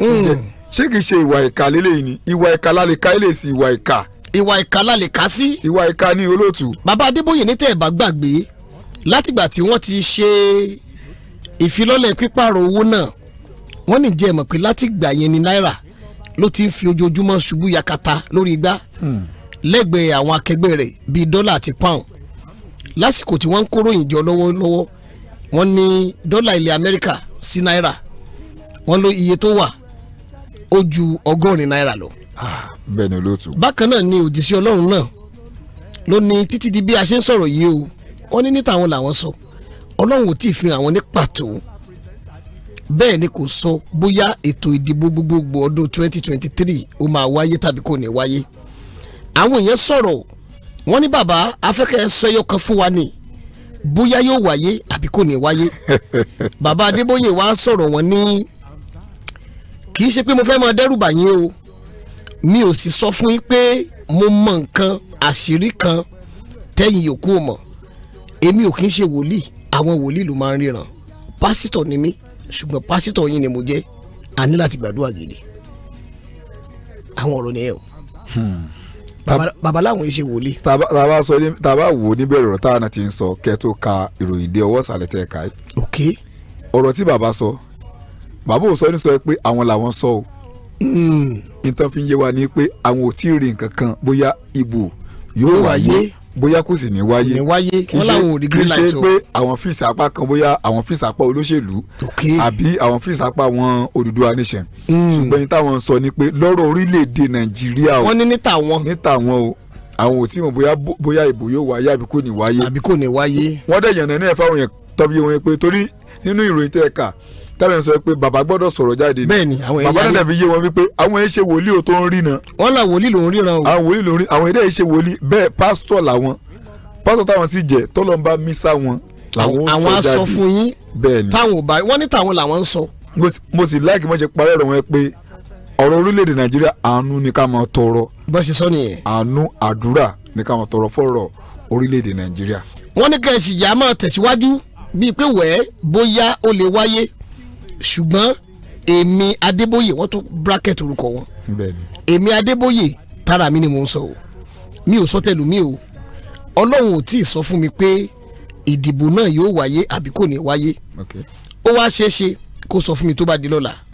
hmm. ṣé kìí ṣe ìwà ìkà lélẹ́yìn ni ìwà ìkà lálẹ́ ká lè sí ìwà ìkà ìwà ìka la lè ká sí. ìwà ìka ni olóòtú. bàbá adébóyè ní tẹ́ ẹ̀ bá gbàgbé látìgbà tí wọ́n ti ṣe ìfilọ́lẹ̀ pípààrọ̀ owó náà wọ́n ní jẹ́ mọ̀ pé látìgbà yẹn ni náírà ló ti ń fi ojoojúmọ́ ṣubú yakata lórí igbá hmm. lẹ́gbẹ̀ẹ́ àwọn akẹgbẹ́ rẹ̀ bíi dọ́là àti pound lásìkò tí wọ́n ń kóròyìn jọ lọ́wọ́lọ́wọ́ wọ́n ní dọ́là ilẹ̀ amẹ́ríkà sí náírà wọ́n ló iye tó wà ó ju ọgọ́rin náírà lọ. Ah, bẹ́ẹ̀ ni olóòtú. bákan náà ni òjíṣẹ́ ọlọ́run náà ló ní títí di bí a ṣe ń sọ̀rọ̀ yìí o wọ́n ní níta àwọn làwọn sọ ọlọ́run ò tí ì fi àwọn ní pàtó bẹ́ẹ̀ ni kò sọ bóyá ètò ìdìbò gbogbogbò ọdún 2023 ó máa wáyé tàbí kò ní wáyé àwọn èèyàn sọ̀rọ̀ wọ́n ní bàbá afẹ́kẹ́ sọyọ kan fún wa ni bóyá yóò wáyé àbí kò ní wáyé bàbá Adébóyè wa sọ̀rọ̀ wọn ní. Ni kì í ṣe pé mo fẹ́ máa dẹ́rù yín o mi ò sì sọ fún yín pé mo mọ nǹkan àṣírí kan tẹ́yìn yòókù mọ̀ èmi ò kì í ṣe wòlíì àwọn wòlíì ló máa ń ríran pásítọ̀ ni mí ṣùgbọ́n pásítọ̀ yín ni mo jẹ́ a ní láti gbàdúrà gidi àwọn ọ̀rọ̀ nìyẹn o hmm. bàbá làwọn ṣe wòlíì. tàbá sọ ní tàbá wò níbẹ̀rẹ̀ ọ̀rọ̀ táwọn ti ń sọ kẹ́ ka ìròyìn dé ọwọ́ ìsàlẹ̀ tẹ̀ ká ọ̀rọ̀ tí bàbá sọ bàbá òsọ ní sọ pé àwọn làwọn sọ o nǹkan hmm. fi ń yé wa ni pé àwọn ò tí ì rí nǹkan kan bóyá ìbò yóò wáyé bóyá kò sì ní wáyé kì í ṣe kì í ṣe pé àwọn fíìsì apá kan bóyá àwọn fíìsì apá olóṣèlú àbí àwọn fíìsì apá àwọn Odùduwà nation hmm. ṣùgbọ́n ní táwọn sọ ni pé lọ́rọ̀ orílẹ̀-èdè Nàìjíríà o wọ́n ní ní tàwọn ní tàwọn o àwọn ò tí mọ̀ bóyá bóyá ìbò yóò wáyé àbí kò ní wáyé àbí kò ní wáyé wọ́n dẹ̀ yànnà náà fáwọn yẹn tọ́bi wọn pé torí nínú ìròyìn tẹ́ ẹ tábìlì sọ pé bàbá gbọ́dọ̀ sọ̀rọ̀ jáde ni bẹ́ẹ̀ni àwọn èèyàn bàbá náà fi yé wọn wípé àwọn èèyàn ṣe wòlíì o tó ń rí náà. wọn là wòlíì lòún ríran o. àwọn wòlíì lòún rí àwọn èdè ṣe wòlíì bẹ́ẹ̀ pásítọ̀ làwọn pásítọ̀ táwọn sì jẹ́ tọ́lọ́mbà mísà wọn làwọn ó sọ àwọn aṣọ fún yín bẹ́ẹ̀ni táwọn ò bá wọn ní táwọn làwọn ń sọ. mo sì láìkí mọ́ ṣe parí ọ̀rọ̀ wọn pé ọ̀rọ̀ orílẹ̀-èdè nàìjíríà àánú ni ká máa tọrọ. bó ṣe sọ nìyẹn. àánú àdúrà ni ká máa tọrọ fọ̀rọ̀ orílẹ̀-èdè nàìjíríà. wọ́n ní kẹ́sì ìyá máa tẹ̀síwájú bíi pé wẹ́ẹ́ bóyá ó lè wáyé ṣùgbọ́n èmi adébóyè wọ́n tún bracket orúkọ wọn èmi adébóyè tara mi ni mò ń sọ o mi ò sọ tẹ̀lú mi o ọlọ́run ò tí ì sọ fún mi pé ìdìbò náà yóò wáyé àbí kò ní wáyé ó wá ṣeé ṣe kó sọ fún mi tó bá di lọ́la